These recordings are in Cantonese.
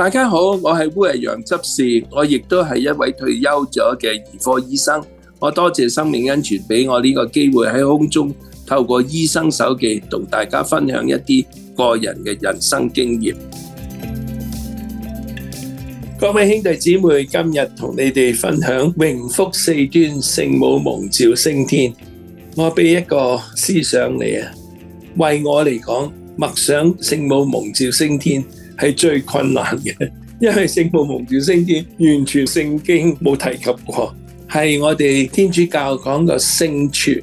大家好，我係烏羊執事，我亦都係一位退休咗嘅兒科醫生。我多謝生命恩泉俾我呢個機會喺空中透過醫生手記同大家分享一啲個人嘅人生經驗。各位兄弟姊妹，今日同你哋分享榮福四端，聖母蒙召升天。我俾一個思想你啊，為我嚟講默想聖母蒙召升天。係最困難嘅，因為聖母蒙召升天，完全聖經冇提及過，係我哋天主教講嘅聖傳，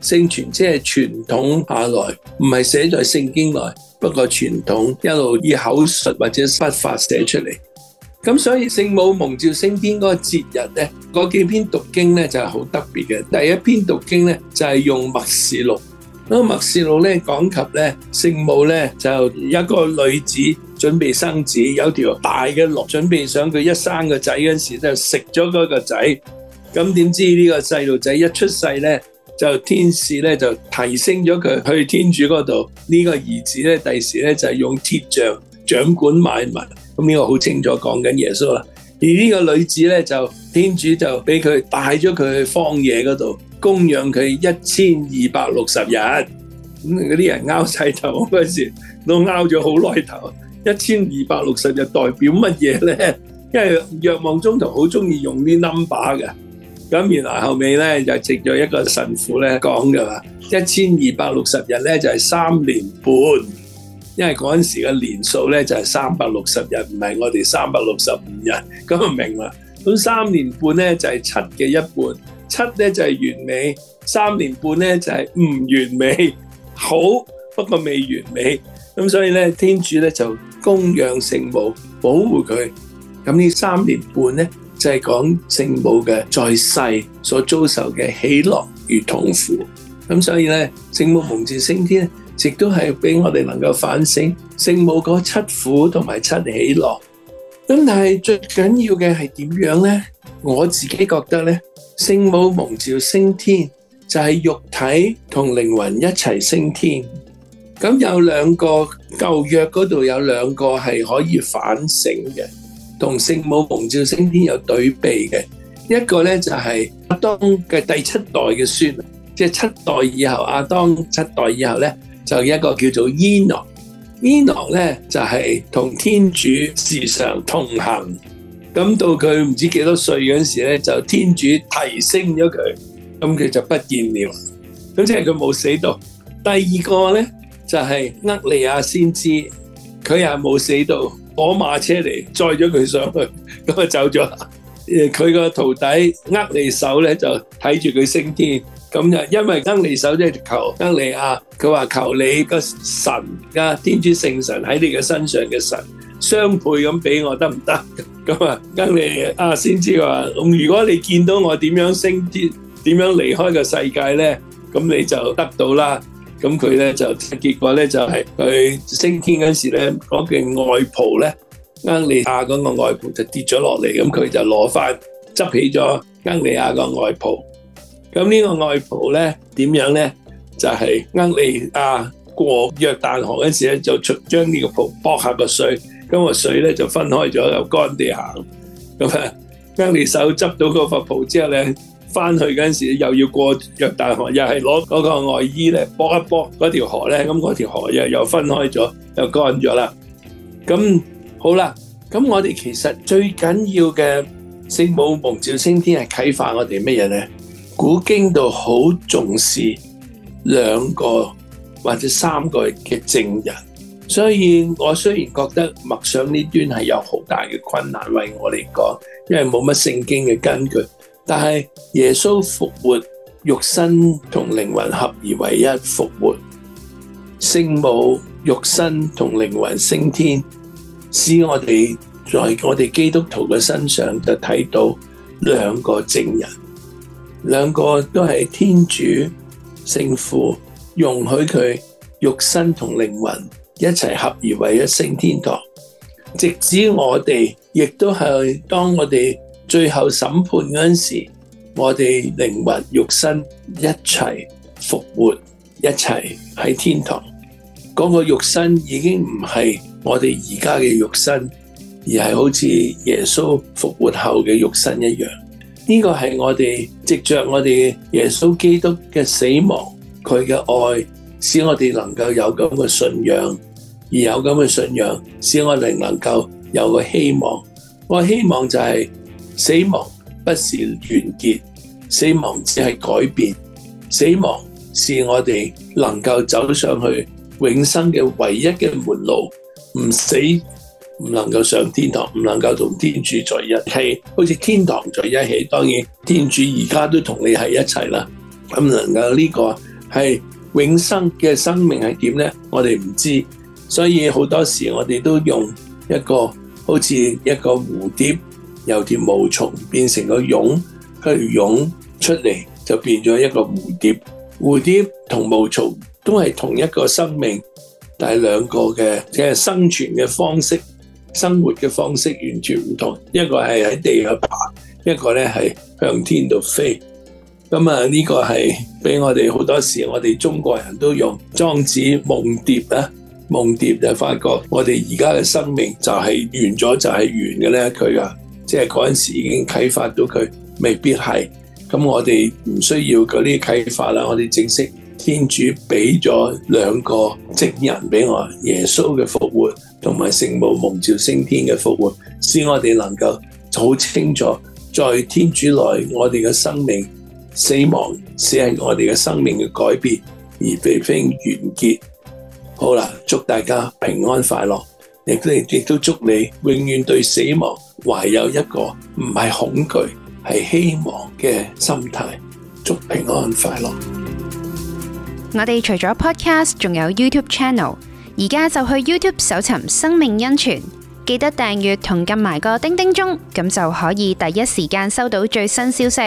聖傳即係傳統下來，唔係寫在聖經內，不過傳統一路以口述或者筆法寫出嚟。咁所以聖母蒙召升天嗰個節日呢，嗰幾篇讀經呢就係、是、好特別嘅。第一篇讀經呢就係、是、用默示錄，咁默示錄呢講及呢聖母呢就一個女子，準備生子，有條大嘅龍，準備想佢一生個仔嗰時就食咗嗰個仔。咁點知呢個細路仔一出世呢，就天使呢，就提升咗佢去天主嗰度。呢、呢個兒子呢，第時呢，就係用鐵杖掌管萬物。咁呢個好清楚講緊耶穌啦。而呢個女子呢，就天主就俾佢帶咗佢去荒野嗰度，供養佢一千二百六十日。咁嗰啲人拗細頭嗰時，都拗咗好耐頭。一千二百六十日代表乜嘢呢？因為若望宗徒好中意用啲 number 嘅，咁原來後尾呢就藉咗一個神父呢講嘅話，一千二百六十日呢就係三年半，因為嗰陣時嘅年數呢就係三百六十日，唔係我哋三百六十五日，咁就明啦。咁三年半呢就係七嘅一半，七呢就係完美，三年半呢就係唔完美，好不過未完美，咁所以呢天主呢就。供養聖母，保護佢。咁呢三年半咧，就係講聖母嘅在世所遭受嘅喜樂與痛苦。咁所以咧，聖母蒙召升天，亦都係俾我哋能夠反省聖母嗰七苦同埋七喜樂。咁但係最緊要嘅係點樣咧？我自己覺得咧，聖母蒙召升天就係肉體同靈魂一齊升天。咁有兩個舊約嗰度有兩個係可以反省嘅，同聖母蒙召升天有對比嘅。一個咧就係亞當嘅第七代嘅孫，即係七代以後，亞當七代以後咧就一個叫做伊諾。伊諾咧就係同天主時常同行。咁到佢唔知幾多歲嗰時咧，就天主提升咗佢，咁佢就不見了。咁即係佢冇死到。第二個咧。就係厄利亞先知，佢又係冇死到，攞馬車嚟載咗佢上去，咁啊走咗。誒佢個徒弟厄利手咧就睇住佢升天，咁就因為厄利手即係求厄利亞，佢話求你個神啊，天主聖神喺你嘅身上嘅神，雙倍咁俾我得唔得？咁啊厄利亞先知話：咁如果你見到我點樣升天，點樣離開個世界咧，咁你就得到啦。咁佢咧就結果咧就係、是、佢升天嗰時咧，嗰件外袍咧，厄利亞嗰個外袍就跌咗落嚟，咁佢就攞翻執起咗厄利亞個外袍。咁呢個外袍咧點樣咧？就係、是、厄利亞過約旦河嗰時咧，就將呢個袍剝下個水、那個水，咁個水咧就分開咗，又乾地行。咁啊，厄利亞的手執到個佛袍之後咧。翻去嗰陣時又要過約旦河，又係攞嗰個外衣咧，搏一搏嗰條河咧，咁嗰條河又又分開咗，又乾咗啦。咁好啦，咁我哋其實最緊要嘅聖母蒙召升天係啟發我哋咩嘢咧？古經度好重視兩個或者三個嘅證人，所以我雖然覺得默想呢端係有好大嘅困難，為我嚟講，因為冇乜聖經嘅根據。但是耶穌復活，肉身同靈魂合而為一復活；聖母肉身同靈魂升天，使我哋在我哋基督徒嘅身上就睇到兩個證人，兩個都係天主聖父容許佢肉身同靈魂一齊合而為一升天堂，直至我哋亦都係當我哋。最後審判嗰陣時，我哋靈魂、肉身一齊復活，一齊喺天堂。嗰個肉身已經唔係我哋而家嘅肉身，而係好似耶穌復活後嘅肉身一樣。呢個係我哋藉着我哋耶穌基督嘅死亡，佢嘅愛，使我哋能夠有咁嘅信仰，而有咁嘅信仰，使我哋能夠有個希望。我希望就係死亡不是完結，死亡只係改變。死亡是我哋能夠走上去永生嘅唯一嘅門路。唔死唔能夠上天堂，唔能夠同天主在一起，好似天堂在一起。當然天主而家都同你喺一齊啦。咁能夠呢個係永生嘅生命係點呢？我哋唔知，所以好多時我哋都用一個好似一個蝴蝶。有條毛蟲變成個蛹，跟住蛹出來就變成了一個蝴蝶。蝴蝶同毛蟲都是同一個生命，但兩個的、就是、生存的方式、生活的方式完全唔同。一個是在地下爬，一個是向天度飛。呢個是俾我們好多時候，我們中國人都用莊子夢蝶啦。夢蝶就發覺，我們現在的生命就是完了就係完嘅，佢呀即係嗰陣時已經啟發到佢，未必係咁，我哋唔需要嗰啲啟發啦。我哋正式，天主俾咗兩個證人俾我，耶穌嘅復活同埋聖母蒙召升天嘅復活，使我哋能夠好清楚，在天主內我哋嘅生命死亡只係我哋嘅生命嘅改變，而並非完結。好啦，祝大家平安快樂。亦都亦都祝你永遠對死亡懷有一個唔係恐懼，係希望嘅心態。祝平安快樂！我哋除咗 Podcast，仲有 YouTube Channel，而家就去 YouTube 搜尋《生命恩泉》，記得訂閱同撳埋個叮叮鐘，咁就可以第一時間收到最新消息。